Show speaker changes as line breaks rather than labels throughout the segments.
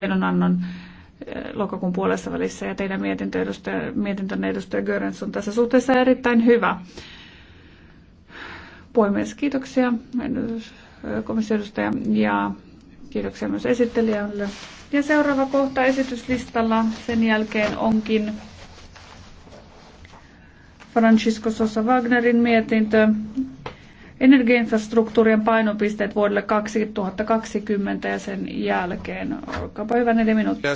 tiedonannon eh, lokakuun puolessa välissä ja teidän mietintö edustaja, mietintönne edustaja Görens on tässä suhteessa erittäin hyvä. Puhemies, kiitoksia eh, komissioedustaja ja kiitoksia myös esittelijälle. Ja seuraava kohta esityslistalla sen jälkeen onkin Francisco Sosa Wagnerin mietintö energiainfrastruktuurien painopisteet vuodelle 2020 ja sen jälkeen. Olkaapa
hyvä neljä minuuttia.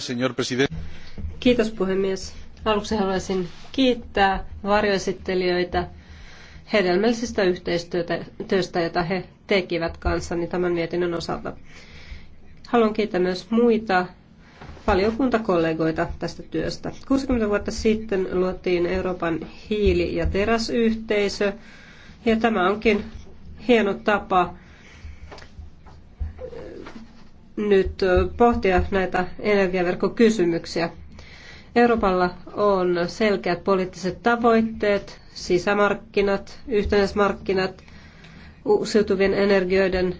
Kiitos puhemies. Aluksi haluaisin kiittää varjoesittelijöitä hedelmällisestä yhteistyöstä, jota he tekivät kanssani tämän mietinnön osalta. Haluan kiittää myös muita valiokuntakollegoita tästä työstä. 60 vuotta sitten luotiin Euroopan hiili- ja teräsyhteisö, ja tämä onkin hieno tapa äh, nyt äh, pohtia näitä energiaverkkokysymyksiä. Euroopalla on selkeät poliittiset tavoitteet, sisämarkkinat, yhtenäismarkkinat, uusiutuvien energioiden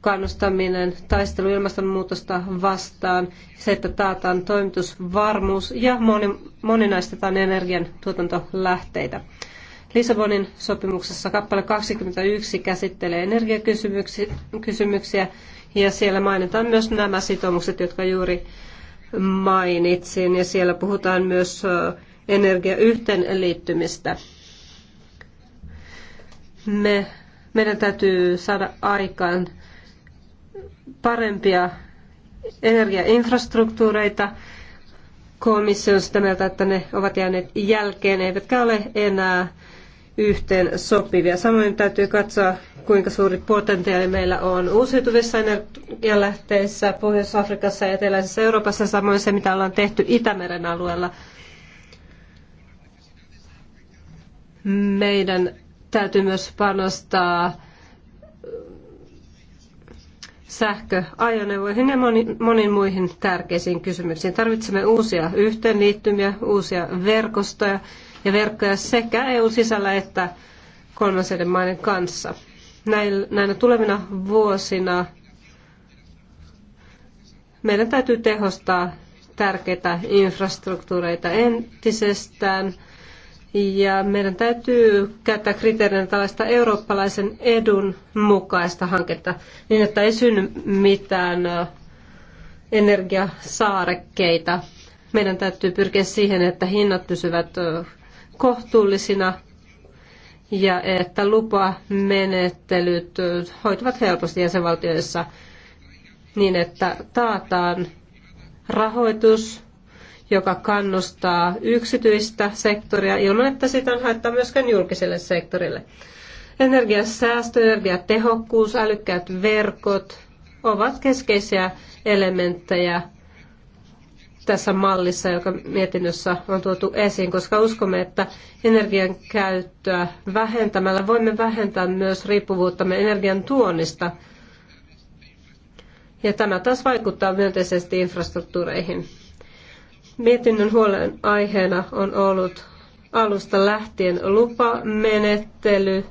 kannustaminen, taistelu ilmastonmuutosta vastaan, se, että taataan toimitusvarmuus ja moninaistetaan energian tuotantolähteitä. Lissabonin sopimuksessa kappale 21 käsittelee energiakysymyksiä ja siellä mainitaan myös nämä sitoumukset, jotka juuri mainitsin ja siellä puhutaan myös energiayhteenliittymistä. Me, meidän täytyy saada aikaan parempia energiainfrastruktuureita. Komissio on sitä mieltä, että ne ovat jääneet jälkeen, eivätkä ole enää yhteen sopivia. Samoin täytyy katsoa, kuinka suuri potentiaali meillä on uusiutuvissa energialähteissä Pohjois-Afrikassa ja Eteläisessä Euroopassa, samoin se, mitä ollaan tehty Itämeren alueella. Meidän täytyy myös panostaa sähköajoneuvoihin ja moni, moniin muihin tärkeisiin kysymyksiin. Tarvitsemme uusia yhteenliittymiä, uusia verkostoja, ja verkkoja sekä EU sisällä että kolmansien maiden kanssa. Näinä tulevina vuosina meidän täytyy tehostaa tärkeitä infrastruktuureita entisestään ja meidän täytyy käyttää kriteerinä tällaista eurooppalaisen edun mukaista hanketta niin, että ei synny mitään energiasaarekkeita. Meidän täytyy pyrkiä siihen, että hinnat pysyvät kohtuullisina ja että lupamenettelyt hoituvat helposti jäsenvaltioissa niin, että taataan rahoitus, joka kannustaa yksityistä sektoria ilman, että sitä on haittaa myöskään julkiselle sektorille. Energiasäästö, energiatehokkuus, älykkäät verkot ovat keskeisiä elementtejä tässä mallissa, joka mietinnössä on tuotu esiin, koska uskomme, että energian käyttöä vähentämällä voimme vähentää myös riippuvuuttamme energian tuonnista. Ja tämä taas vaikuttaa myönteisesti infrastruktuureihin. Mietinnön huolen aiheena on ollut alusta lähtien lupamenettely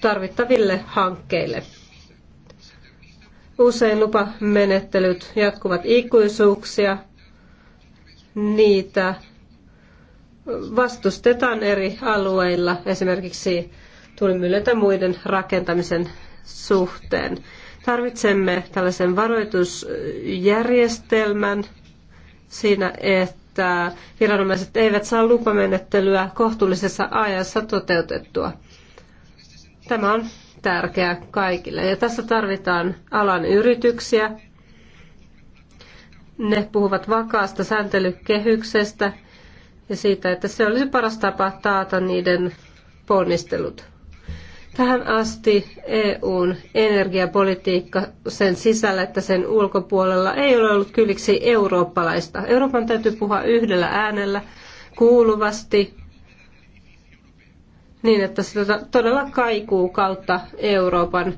tarvittaville hankkeille. Usein lupamenettelyt jatkuvat ikuisuuksia. Niitä vastustetaan eri alueilla, esimerkiksi tulimyllytä muiden rakentamisen suhteen. Tarvitsemme tällaisen varoitusjärjestelmän siinä, että viranomaiset eivät saa lupamenettelyä kohtuullisessa ajassa toteutettua. Tämä on tärkeä kaikille. Ja tässä tarvitaan alan yrityksiä. Ne puhuvat vakaasta sääntelykehyksestä ja siitä, että se olisi paras tapa taata niiden ponnistelut. Tähän asti EUn energiapolitiikka sen sisällä että sen ulkopuolella ei ole ollut kylliksi eurooppalaista. Euroopan täytyy puhua yhdellä äänellä kuuluvasti niin, että se tota todella kaikuu kautta Euroopan,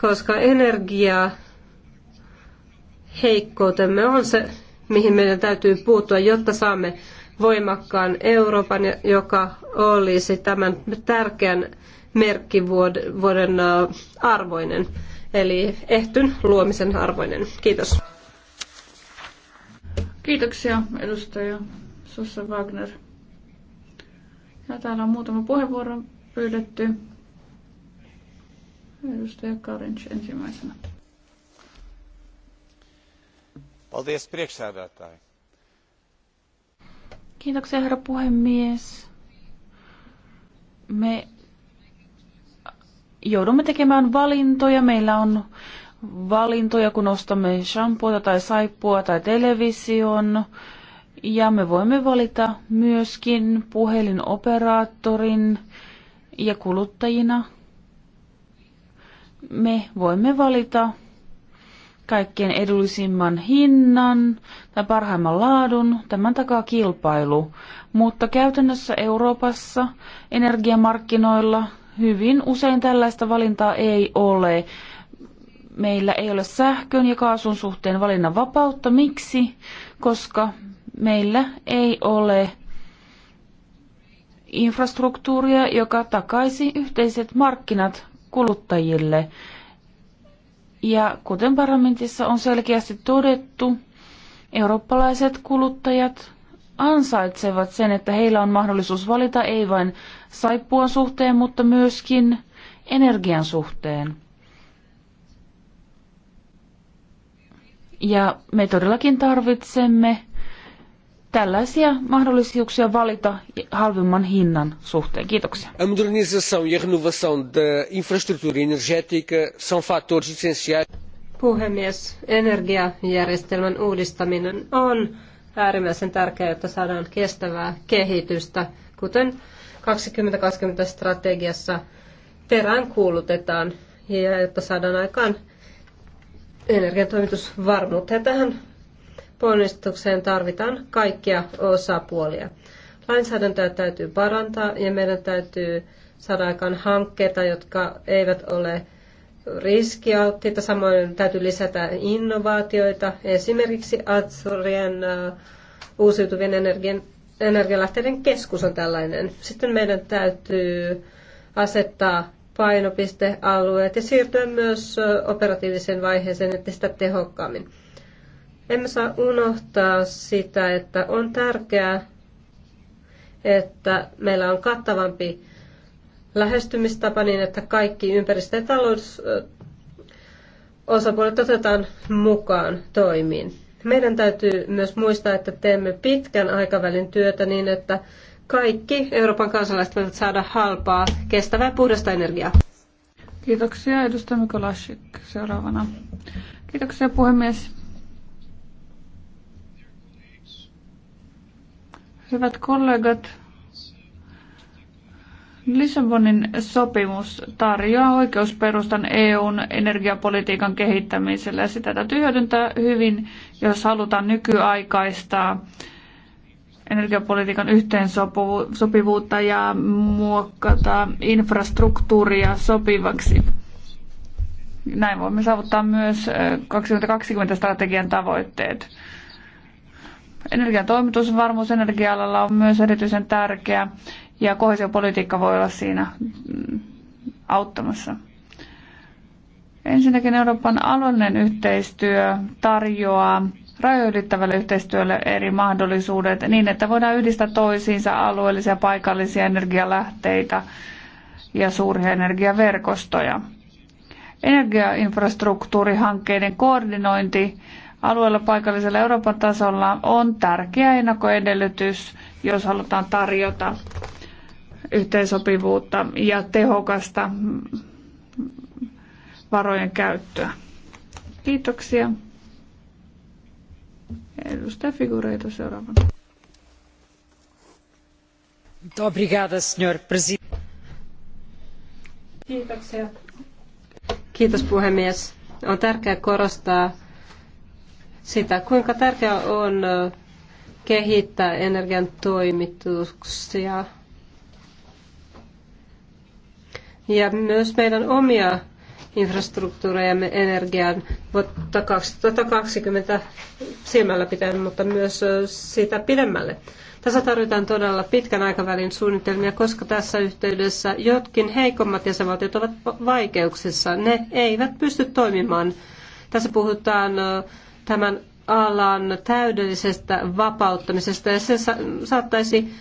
koska energiaa heikkoutemme on se, mihin meidän täytyy puuttua, jotta saamme voimakkaan Euroopan, joka olisi tämän tärkeän merkkivuoden äh, arvoinen, eli ehtyn luomisen arvoinen. Kiitos.
Kiitoksia edustaja Sossa Wagner. Ja täällä on muutama puheenvuoro pyydetty. Edustaja Karinch ensimmäisenä.
Paldies priekšsēdētāji.
Kiitoksia herra puhemies. Me joudumme tekemään valintoja. Meillä on valintoja, kun ostamme shampoota tai saippua tai television ja me voimme valita myöskin puhelinoperaattorin ja kuluttajina. Me voimme valita kaikkien edullisimman hinnan tai parhaimman laadun, tämän takaa kilpailu. Mutta käytännössä Euroopassa energiamarkkinoilla hyvin usein tällaista valintaa ei ole. Meillä ei ole sähkön ja kaasun suhteen valinnan vapautta. Miksi? Koska meillä ei ole infrastruktuuria, joka takaisi yhteiset markkinat kuluttajille. Ja kuten parlamentissa on selkeästi todettu, eurooppalaiset kuluttajat ansaitsevat sen, että heillä on mahdollisuus valita ei vain saippuan suhteen, mutta myöskin energian suhteen. Ja me todellakin tarvitsemme tällaisia mahdollisuuksia valita halvimman hinnan suhteen.
Kiitoksia. A modernização e a renovação da infraestrutura energética são fatores essenciais. Puhemies, energiajärjestelmän uudistaminen on äärimmäisen tärkeää, jotta saadaan kestävää kehitystä, kuten 2020-strategiassa perään kuulutetaan, ja jotta saadaan aikaan energiantoimitusvarmuutta. Ja tähän ponnistukseen tarvitaan kaikkia osapuolia. Lainsäädäntöä täytyy parantaa ja meidän täytyy saada aikaan hankkeita, jotka eivät ole riskialttiita. Samoin täytyy lisätä innovaatioita, esimerkiksi Azurien äh, uusiutuvien energian, energialähteiden keskus on tällainen. Sitten meidän täytyy asettaa painopistealueet ja siirtyä myös äh, operatiiviseen vaiheeseen, että sitä tehokkaammin. Emme saa unohtaa sitä, että on tärkeää, että meillä on kattavampi lähestymistapa niin, että kaikki ympäristö- ja talousosapuolet otetaan mukaan toimiin. Meidän täytyy myös muistaa, että teemme pitkän aikavälin työtä niin, että kaikki Euroopan kansalaiset voivat saada halpaa, kestävää, puhdasta energiaa.
Kiitoksia edustaja Mikolasik seuraavana. Kiitoksia puhemies. Hyvät kollegat, Lissabonin sopimus tarjoaa oikeusperustan EUn energiapolitiikan kehittämiselle ja sitä täytyy hyödyntää hyvin, jos halutaan nykyaikaistaa energiapolitiikan yhteensopivuutta ja muokata infrastruktuuria sopivaksi. Näin voimme saavuttaa myös 2020 strategian tavoitteet. Energian toimitusvarmuus energia-alalla on myös erityisen tärkeä ja kohesiopolitiikka voi olla siinä mm, auttamassa. Ensinnäkin Euroopan alueellinen yhteistyö tarjoaa rajoittavalle yhteistyölle eri mahdollisuudet niin, että voidaan yhdistää toisiinsa alueellisia paikallisia energialähteitä ja suuria energiaverkostoja. Energiainfrastruktuurihankkeiden koordinointi alueella, paikallisella Euroopan tasolla on tärkeä ennakkoedellytys, jos halutaan tarjota yhteensopivuutta ja tehokasta varojen käyttöä. Kiitoksia. Edustaja Figureito seuraavana.
Obrigada, senhor presidente. Kiitoksia. Kiitos puhemies. On tärkeää korostaa sitä, kuinka tärkeää on kehittää energian toimituksia ja myös meidän omia infrastruktuureja me energian vuotta 2020 silmällä pitäen, mutta myös sitä pidemmälle. Tässä tarvitaan todella pitkän aikavälin suunnitelmia, koska tässä yhteydessä jotkin heikommat jäsenvaltiot ovat vaikeuksissa. Ne eivät pysty toimimaan. Tässä puhutaan tämän alan täydellisestä vapauttamisesta ja se sa- saattaisi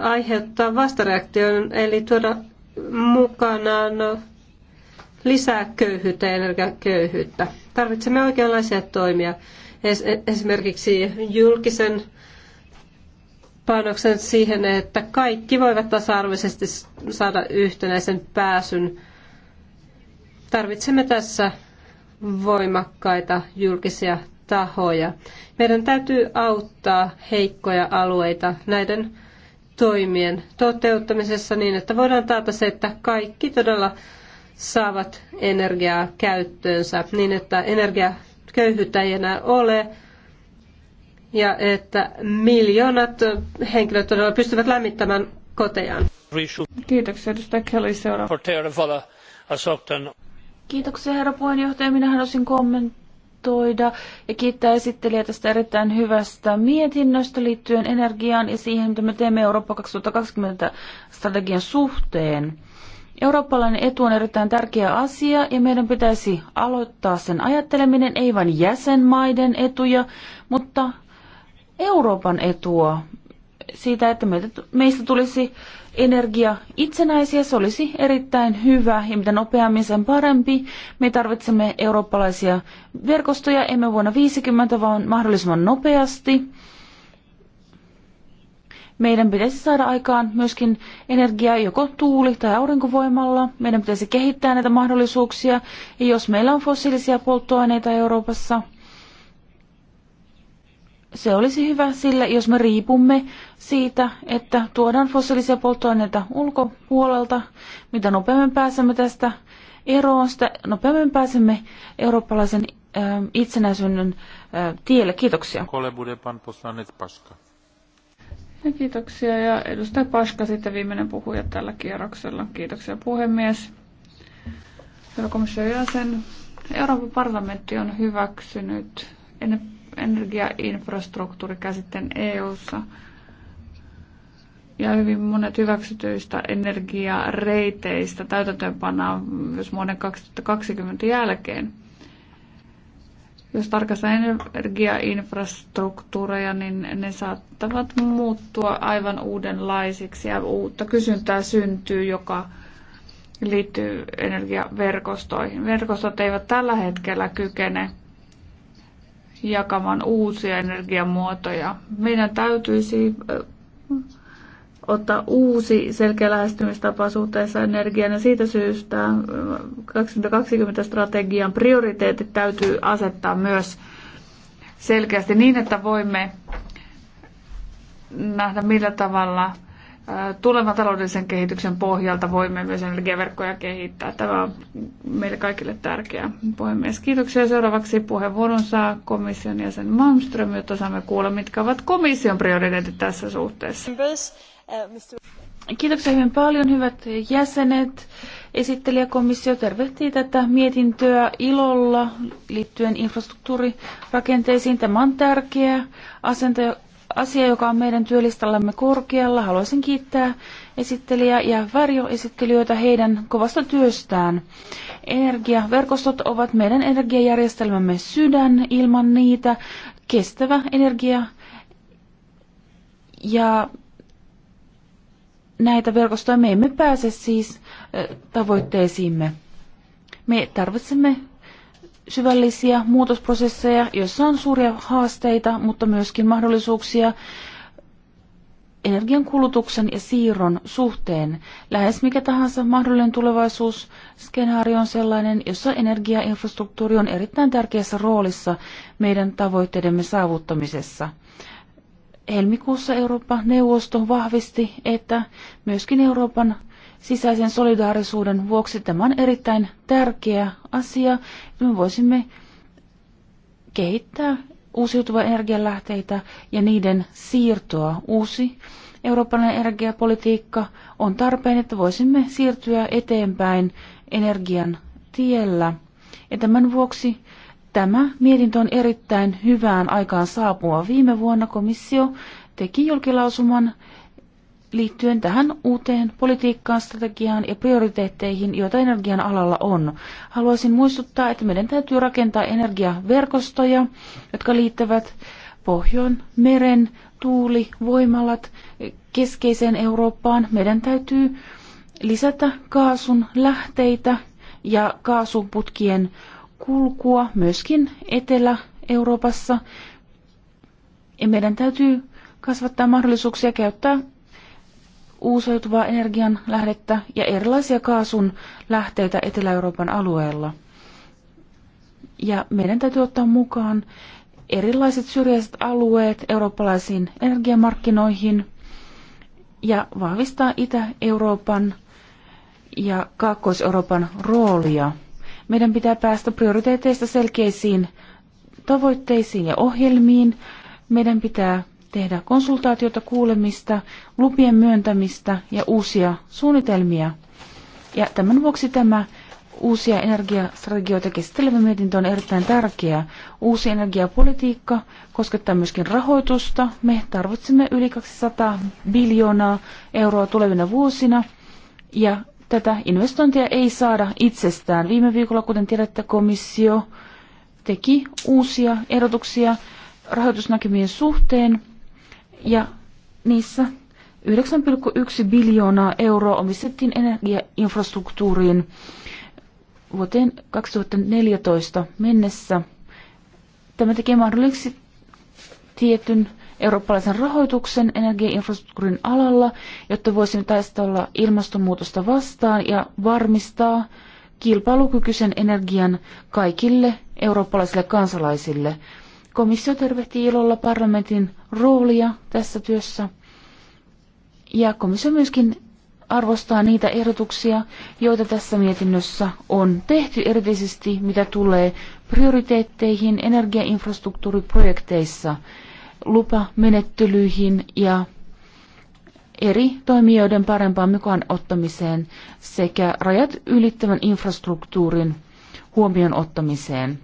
aiheuttaa vastareaktion, eli tuoda mukanaan lisää köyhyyttä ja energiaköyhyyttä. Tarvitsemme oikeanlaisia toimia. esimerkiksi julkisen panoksen siihen, että kaikki voivat tasa-arvoisesti saada yhtenäisen pääsyn. Tarvitsemme tässä voimakkaita julkisia tahoja. Meidän täytyy auttaa heikkoja alueita näiden toimien toteuttamisessa niin, että voidaan taata se, että kaikki todella saavat energiaa käyttöönsä niin, että energiaköyhyyttä ei enää ole ja että miljoonat henkilöt todella pystyvät lämmittämään kotejaan. Kiitoksia edustaja Kelly seuraava.
Kiitoksia herra puheenjohtaja. Minä haluaisin kommentoida ja kiittää esittelijä tästä erittäin hyvästä mietinnöstä liittyen energiaan ja siihen, mitä me teemme Eurooppa 2020 strategian suhteen. Eurooppalainen etu on erittäin tärkeä asia ja meidän pitäisi aloittaa sen ajatteleminen ei vain jäsenmaiden etuja, mutta Euroopan etua siitä, että meistä tulisi energia itsenäisiä. Se olisi erittäin hyvä ja mitä nopeammin sen parempi. Me tarvitsemme eurooppalaisia verkostoja, emme vuonna 50, vaan mahdollisimman nopeasti. Meidän pitäisi saada aikaan myöskin energiaa joko tuuli- tai aurinkovoimalla. Meidän pitäisi kehittää näitä mahdollisuuksia. Ja jos meillä on fossiilisia polttoaineita Euroopassa – se olisi hyvä, sillä jos me riipumme siitä, että tuodaan fossiilisia polttoaineita ulkopuolelta, mitä nopeammin pääsemme tästä eroon, sitä nopeammin pääsemme eurooppalaisen äh,
itsenäisyyden
äh, tielle. Kiitoksia.
Ja kiitoksia. Ja edustaja Paska sitten viimeinen puhuja tällä kierroksella. Kiitoksia puhemies. Hyvä komission jäsen. Euroopan parlamentti on hyväksynyt ennen energiainfrastruktuuri EU-ssa. ja hyvin monet hyväksytyistä energiareiteistä täytäntöönpannaan myös vuoden 2020 jälkeen. Jos tarkastaa energiainfrastruktuureja, niin ne saattavat muuttua aivan uudenlaisiksi ja uutta kysyntää syntyy, joka liittyy energiaverkostoihin. Verkostot eivät tällä hetkellä kykene jakamaan uusia energiamuotoja. Meidän täytyisi ottaa uusi selkeä lähestymistapa suhteessa energiaan ja siitä syystä 2020-strategian prioriteetit täytyy asettaa myös selkeästi niin, että voimme nähdä millä tavalla tulevan taloudellisen kehityksen pohjalta voimme myös energiaverkkoja kehittää. Tämä on meille kaikille tärkeää. Puhemies, kiitoksia. Seuraavaksi puheenvuoron saa komission jäsen Malmström, jotta saamme kuulla, mitkä ovat komission prioriteetit tässä suhteessa. Kiitoksia hyvin paljon, hyvät
jäsenet. Esittelijäkomissio tervehtii tätä mietintöä ilolla liittyen infrastruktuurirakenteisiin. Tämä on tärkeä asento, asia, joka on meidän työlistallamme korkealla. Haluaisin kiittää esittelijää ja varjoesittelijöitä heidän kovasta työstään. Energiaverkostot ovat meidän energiajärjestelmämme sydän. Ilman niitä kestävä energia ja näitä verkostoja me emme pääse siis tavoitteisiimme. Me tarvitsemme syvällisiä muutosprosesseja, joissa on suuria haasteita, mutta myöskin mahdollisuuksia energian kulutuksen ja siirron suhteen. Lähes mikä tahansa mahdollinen tulevaisuusskenaario on sellainen, jossa energiainfrastruktuuri on erittäin tärkeässä roolissa meidän tavoitteidemme saavuttamisessa. Helmikuussa Eurooppa-neuvosto vahvisti, että myöskin Euroopan sisäisen solidaarisuuden vuoksi tämä on erittäin tärkeä asia. Me voisimme kehittää uusiutuvia energialähteitä ja niiden siirtoa uusi eurooppalainen energiapolitiikka on tarpeen, että voisimme siirtyä eteenpäin energian tiellä. Ja tämän vuoksi tämä mietintö on erittäin hyvään aikaan saapua. Viime vuonna komissio teki julkilausuman liittyen tähän uuteen politiikkaan, strategiaan ja prioriteetteihin, joita energian alalla on. Haluaisin muistuttaa, että meidän täytyy rakentaa energiaverkostoja, jotka liittävät pohjoon, meren, tuuli, voimalat keskeiseen Eurooppaan. Meidän täytyy lisätä kaasun lähteitä ja kaasuputkien kulkua myöskin Etelä-Euroopassa. Ja meidän täytyy kasvattaa mahdollisuuksia käyttää uusiutuvaa energian lähdettä ja erilaisia kaasun lähteitä Etelä-Euroopan alueella. Ja meidän täytyy ottaa mukaan erilaiset syrjäiset alueet eurooppalaisiin energiamarkkinoihin ja vahvistaa Itä-Euroopan ja Kaakkois-Euroopan roolia. Meidän pitää päästä prioriteeteista selkeisiin tavoitteisiin ja ohjelmiin. Meidän pitää tehdä konsultaatiota, kuulemista, lupien myöntämistä ja uusia suunnitelmia. Ja tämän vuoksi tämä uusia energiastrategioita käsittelevä mietintö on erittäin tärkeä. Uusi energiapolitiikka koskettaa myöskin rahoitusta. Me tarvitsemme yli 200 biljoonaa euroa tulevina vuosina ja tätä investointia ei saada itsestään. Viime viikolla, kuten tiedätte, komissio teki uusia ehdotuksia rahoitusnäkymien suhteen ja niissä 9,1 biljoonaa euroa omistettiin energiainfrastruktuuriin vuoteen 2014 mennessä. Tämä tekee mahdolliseksi tietyn eurooppalaisen rahoituksen energiainfrastruktuurin alalla, jotta voisimme taistella ilmastonmuutosta vastaan ja varmistaa kilpailukykyisen energian kaikille eurooppalaisille kansalaisille – Komissio tervehtii ilolla parlamentin roolia tässä työssä. Ja komissio myöskin arvostaa niitä ehdotuksia, joita tässä mietinnössä on tehty, erityisesti mitä tulee prioriteetteihin energiainfrastruktuuriprojekteissa, lupamenettelyihin ja eri toimijoiden parempaan mukaan ottamiseen sekä rajat ylittävän infrastruktuurin huomioon ottamiseen.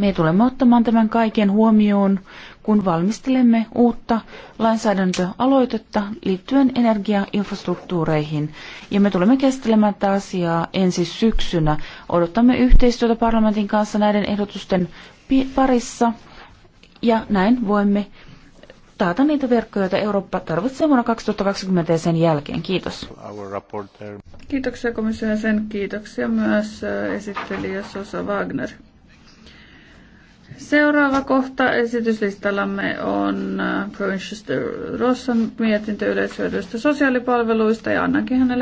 Me tulemme ottamaan tämän kaiken huomioon, kun valmistelemme uutta lainsäädäntöaloitetta liittyen energiainfrastruktuureihin. Ja me tulemme käsittelemään tätä asiaa ensi syksynä. Odotamme yhteistyötä parlamentin kanssa näiden ehdotusten parissa. Ja näin voimme taata niitä verkkoja, joita Eurooppa tarvitsee vuonna 2020 ja sen jälkeen. Kiitos.
Kiitoksia komission sen. Kiitoksia myös äh, esittelijä Sosa Wagner. Seuraava kohta esityslistallamme on äh, Provincial Rossan mietintö yleishyödyistä sosiaalipalveluista ja annankin hänelle